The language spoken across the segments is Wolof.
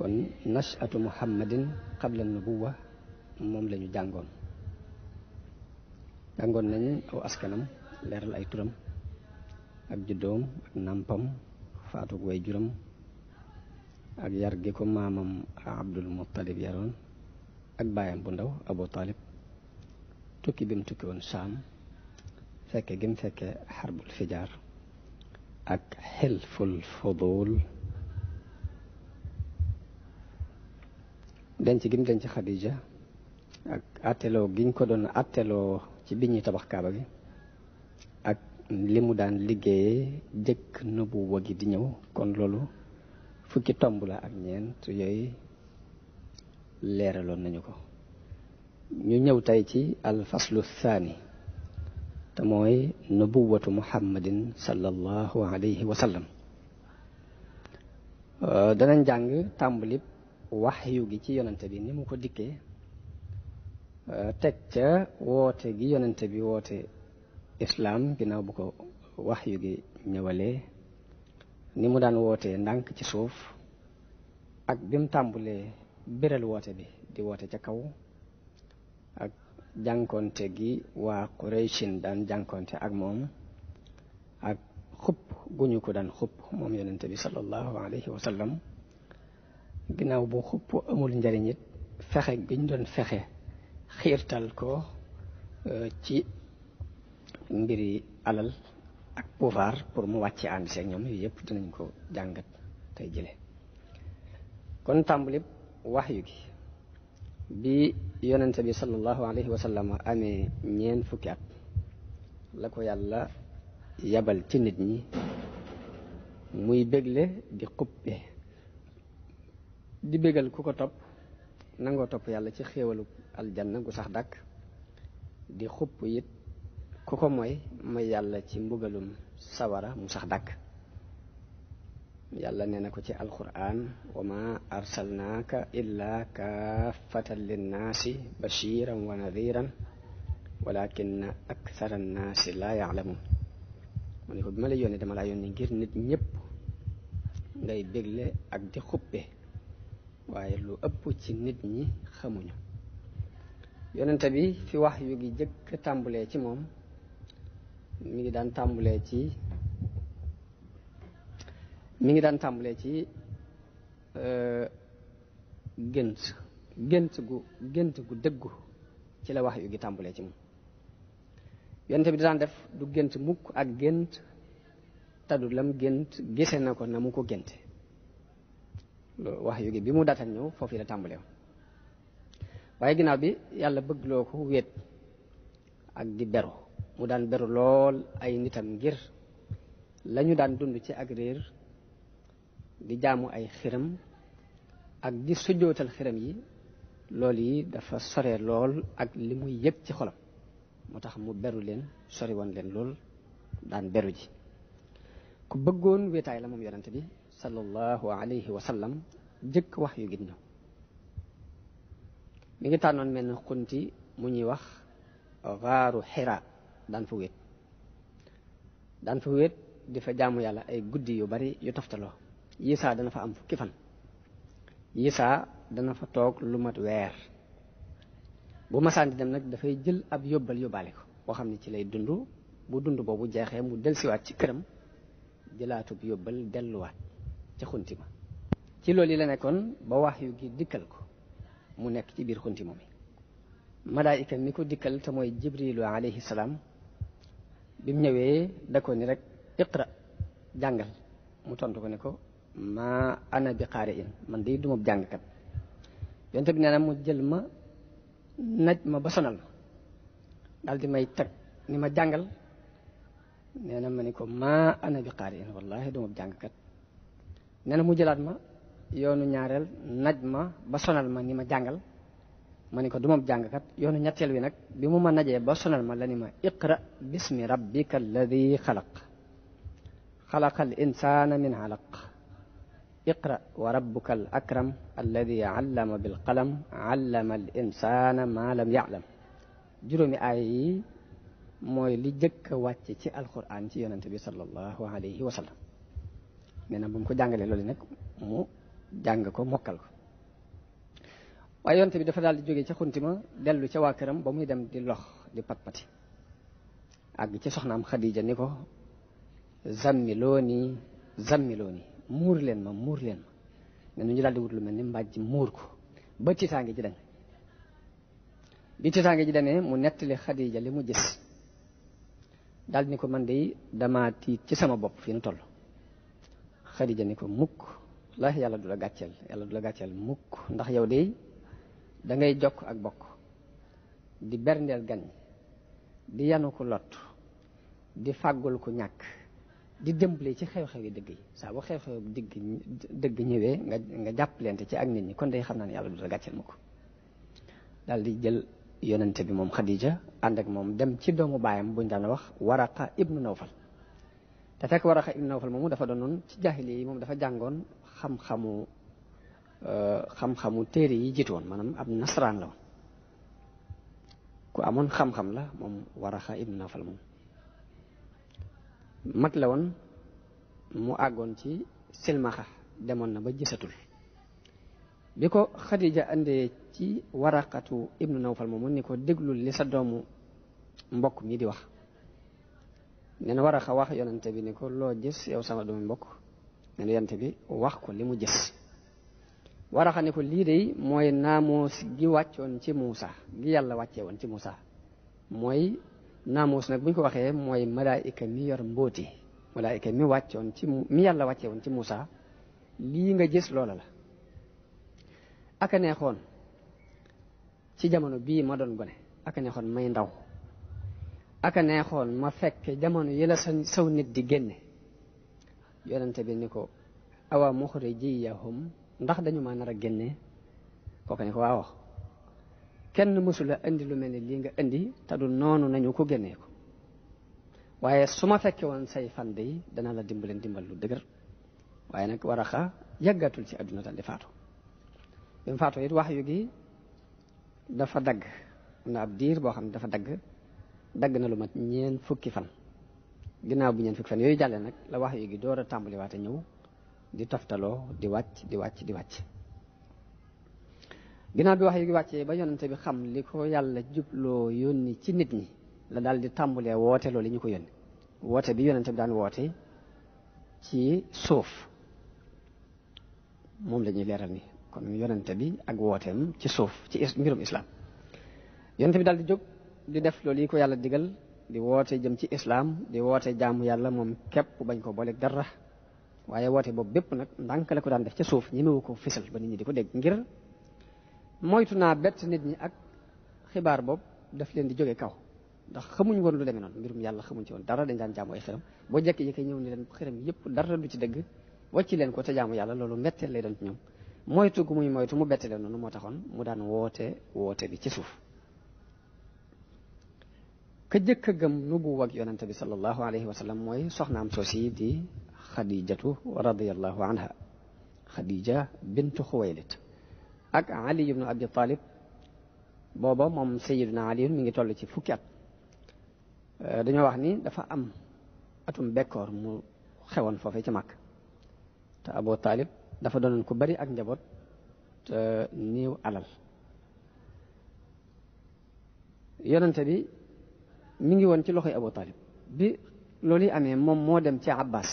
kon nachatu muhammadin qabla nubuwa moom la ñu jàngoon jàngoon nañu aw askanam leeral ay turam ak juddoom ak nàmpam faatug way juram ak yar gi ko maamam abdul muttalib yaroon ak bayam bu ndaw abu talib tukki bi saam fekke gi fekke xarbul fijaar ak xilful fudul denc gi mu denc Xadija ak atteloo gi ñu ko doon atteloo ci bi ñuy tabax kaaba bi ak li mu daan liggéeyee jëkk nëbbu gi di ñëw kon loolu fukki tomb la ak ñeent yooyu leeraloon nañu ko ñu ñëw tey ci alfaslu thani te mooy nubuwatu muhammadin sallallahu alayhi wa sallam danañ jàng tàmbalib waxyu gi ci yonante bi ni mu ko dikkee euh, teg ca woote gi yonante bi woote islaam ginnaaw bu ko waxyu gi ñëwalee ni mu daan wootee ndànk ci suuf ak bi mu tàmbulee biral woote bi di woote ca kaw ak jànkonte gi waa Qurayshin daan jànkonte ak moom ak xupp gu ko daan xupp moom yonente bi sallallahu alayhi wa ginnaaw bu xupp amul njariñ it fexe giñ doon fexe xiirtal ko euh, ci mbiri alal ak pouvoir pour mu wàcce ànd seeg ñoom yooyu yëpp dinañ ko jàngat tey jële kon tàmbalib waxyu gi bi yonente bi sallallahu alayhi wa amee ñeen fukki at la ko yàlla yabal ci nit ñi muy bégle di xuppe di bégal ku ko topp nangoo topp yàlla ci xéewalu aljanna gu sax dàkk di xupp yit ku ko mooy mooy yàlla ci mbugalum sawara mu sax dàkk yàlla nee na ko ci alquran wa ma arsalnaaka illa kaafatan linnaasi bashiran wa nadiran walakinna akthara annaasi laa yaalamuun mu ne ko dama laa yónnee ngir nit ñëpp ak di xuppe waaye lu ëpp ci nit ñi xamuñu yonente bi fi wax yu gi jëkk tàmbulee ci moom mi ngi daan tàmbulee ci mi ngi daan tàmbulee ci euh, gént gént gu gént gu dëggu ci la wax yu gi tàmbulee ci moom yonente bi daan def du gént mukk ak gént taddu lam gént gise na ko na mu ko génte wax yu bi mu daatal ñëw foofu la tàmbalee waaye ginnaaw bi yàlla bëgg loo ko wéet ak di beru mu daan beru lool ay nitam ngir lañu daan dund ci ak réer di jaamu ay xiram ak di sujjootal xiram yi lool yi dafa sore lool ak li muy yëg ci xolam moo tax mu beru leen sori woon leen lool daan beru ji ku bëggoon wéetaay la moom yonent bi sallallahu alayhi wa jëkk wax yu gin ñëw ngi tànnoon mel na xunti mu ñuy wax xaaru xira daan fa wéet daan fa wéet di fa jaamu yàlla ay guddi yu bari yu toftaloo yisaa dana fa am fukki fan yisaa dana fa toog lu mat weer bu masaan dem nag dafay jël ab yóbbal yóbbaale ko boo xam ne ci lay dund bu dund boobu jeexee mu delsiwaat ci këram jëlaatub yóbbal delluwaat ca xunti ci loolu yi la nekkoon ba wax yu gi dikkal ko mu nekk ci biir xunti moom mi malaayika mi ko dikkal te mooy jibrilu alayhi salaam bi mu ñëwee da ni rek iqra jàngal mu tontu ko ne ko ma ana bi xaari in man de duma jàngkat yonte bi nee na mu jël ma naj ma ba sonal ma daal di may teg ni ma jàngal nee na ma ni ko ma ana bi xaari in wallahi duma jàngkat nee mu jëlaat ma yoonu ñaareel naj ma ba sonal ma ni ma jàngal ma ni ko du ma jàngkat yoonu ñetteel wi nag bi mu ma najee ba ma la ni bismi rabbika xalaq xalaqa al insana min alaq iqra wa rabbuka al akram alladi ma lam yaalam juróomi aaya mooy li jëkk a wàcc ci alquran ci yonente nee na bu mu ko jàngalee loolu nag mu jàng ko mokkal ko waaye yonte bi dafa daal di jóge ca xuntima dellu ca waa këram ba muy dem di lox di pat-pati àgg ci soxnaam Xadija ni ko zammiloo nii zammiloo muur leen ma muur leen ma ne nu ñu daal wut lu mel ni mbàjj muur ko ba tiitaange ji dañ bi tiitaange ji demee mu nettali Xadija li mu gis daal di ni ko man de damaa tiit ci sama bopp fi nu toll Xadija ni ko mukk la yàlla du la gàcceel yàlla du la gàcceel mukk ndax yow de da ngay jokk ak bokk di berndeel gan di yanu ko lot di fàggul ku ñàkk di dëmbale ci xew-xew yi dëgg yi saa bu xew-xew dëgg dëgg ñëwee nga nga jàppalante ci ak nit ñi kon day xam naa ne yàlla du la gàcceel mukk daal di jël yonente bi moom Xadija ànd ak moom dem ci doomu baayam buñ daan wax Waraqa ibnu Nawfal te fekk Waraqa ibn Nawfal moomu dafa doonoon ci jaahili yi moom dafa jàngoon xam-xamu euh, xam-xamu téere yi jiitu woon maanaam ab nasaraan la woon ku amoon xam-xam la moom Waraqa ibn Nawfal moom mag la woon mu àggoon ci silmaxa demoon na ba gisatul bi ko Xadija andee ci waraqatu ibnu nawfal moomu ni ko déglul li sa doomu mbokk mi di wax neen war a wax yonante bi ni ko loo gis yow sama doomu mbokk neen yonante bi wax ko li mu gis war ne ko lii de mooy naamoos gi wàccoon ci Muusa gi yàlla wàccee woon ci Muusa mooy naamoos nag bu ko waxee mooy malaayika mi yor mbóoti malaayika mi wàccoon ci yàlla wàccee woon ci Muusa lii nga gis loola la aka neexoon ci jamono bii ma doon gone aka neexoon may ndaw aka neexoon ma fekk jamono yi la sa saw nit di génne yonente bi ni ko awa muxrijiyahum ndax dañu ma nar a génne kooku ne ko waaw kenn mësula indi lu mel ne lii nga indi te du noonu nañu ko génnee ko waaye su ma fekke woon say fan bi dana la dimbaleen dimbal lu dëgër waaye nag waraxa yàggatul ci àdduna tan di faatu bi mu wax yu gi dafa dagg am na ab diir boo xam ne dafa dagg dagg na lu mat ñeen fukki fan ginnaaw bu ñeen fukki fan yooyu jàlle nag la wax yi door a tàmbaliwaate ñëw di toftaloo di wàcc di wàcc di wàcc ginnaaw bi wax yi gi wàccee ba yonente bi xam li ko yàlla jubloo yónni ci nit ñi la daal di tàmbalee woote loolu ko yónni woote bi yonente daan woote ci suuf moom lañuy ñuy leeral ni kon yonente bi ak wooteem ci suuf ci mbirum islam yonente bi jóg di def loolu yi ko yàlla digal di woote jëm ci islaam di woote jaamu yàlla moom képp bañ ko booleeg dara waaye woote boob bépp nag ndànk la ko daan def ca suuf ñemewu ko fisal ba nit ñi di ko dégg ngir moytu naa bett nit ñi ak xibaar boobu daf leen di jóge kaw ndax xamuñ woon lu deme noonu mbirum yàlla xamuñ ci woon dara dañ daan jaamu ay xërëm boo jekk yi ñëw ni leen xërëm yëpp dara du ci dëgg wàcci leen ko te jaamu yàlla loolu mbetteel lay doon ci ñoom moytu gu muy moytu mu bette leen noonu moo taxoon mu daan woote woote bi ci suuf ka jëkk a gëm nubuwa ak yonente bi sallallahu alayhi wa sallam mooy soxnaam soosi di xadijatu radiallahu anha xadija bintu xuwaylit ak ali ibnu abi talib booba moom sayiduna ali mi ngi toll ci fukki at eh, dañoo wax ni dafa am atum bekkoor mu xewoon foofee ci màkk te abu talib dafa doonoon ku bari ak njaboot te néew alal yonente bi mi ngi woon ci loxoy Abu Talib bi loolu yi amee moom moo dem ci Abbas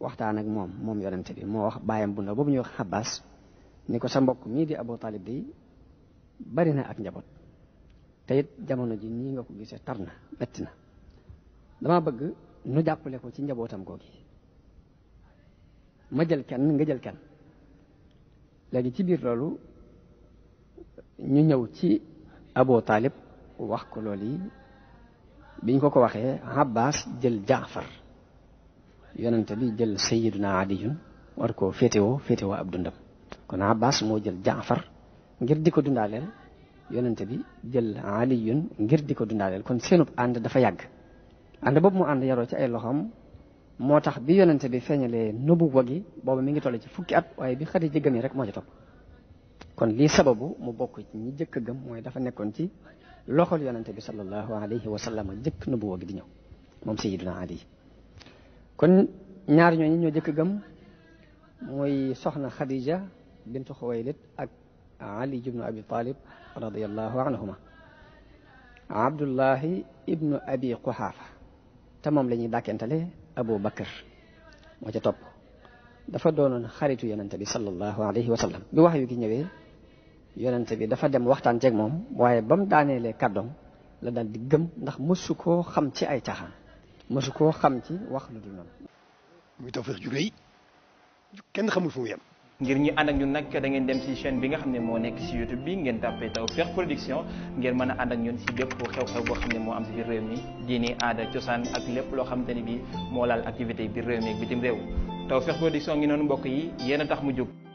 waxtaan ak moom moom yonente bi moo wax baayam bu ndaw boobu ñuy wax Abbas ni ko sa mbokk mii di Abu Talib di bari na ak njaboot te it jamono ji nii nga ko gisee tar na metti na dama bëgg nu jàppale ko ci njabootam googi ma jël kenn nga jël kenn léegi ci biir loolu ñu ñëw ci Abu Talib wax ko lool yi biñ ko ko waxee Abbas jël Jaafar yonente bi jël Sayyiduna Aliyun war koo féetewoo féetewoo ab dundam kon Abbas moo jël Jaafar ngir di ko dundaaleel yonente bi jël Aliyun ngir di ko dundaaleel kon seenub ànd dafa yàgg ànd boobu mu ànd yaroo ci ay loxoom moo tax bi yonente bi feeñalee nubuwa gi boobu mi ngi toll ci fukki at waaye bi Xadiija gëmee rek moo ci topp kon lii sababu mu bokk ci ñi jëkk a gëm mooy dafa nekkoon ci loxol yonente bi sallallahu alayhi wa sallam jëkk nubuwa gi di ñëw moom sayiduna ali kon ñaar ñooñu ñoo jëkk gëm muy soxna xadija bintu Xuwaylid ak ali ibnu abi talib radiallahu anhuma abdullahi ibnu te moom la ñuy dàkkentale abu bakar moo ca topp dafa doon xaritu yonente bi sallallahu alayhi wa sallam bi wax yu gi ñëwee yonent bi dafa dem waxtaan ceeg moom waaye bam mu daaneelee kàddoom la daal di gëm ndax mësu koo xam ci ay caaxaan mësu koo xam ci wax lu du noonu. muy tawfeex ju rëy kenn xamul fu mu yem. ngir ñu ànd ak ñun nag da ngeen dem ci chaîne bi nga xam ne moo nekk ci YouTube bi ngeen tàppee Tawfekh Production ngeen mën a ànd ak ñun ci bépp xew-xew boo xam ne moo am ci biir réew mi diini aada cosaan ak lépp loo xamante ni bi moo laal activité biir réew mi ak bitim réew yi yéen a mu jóg.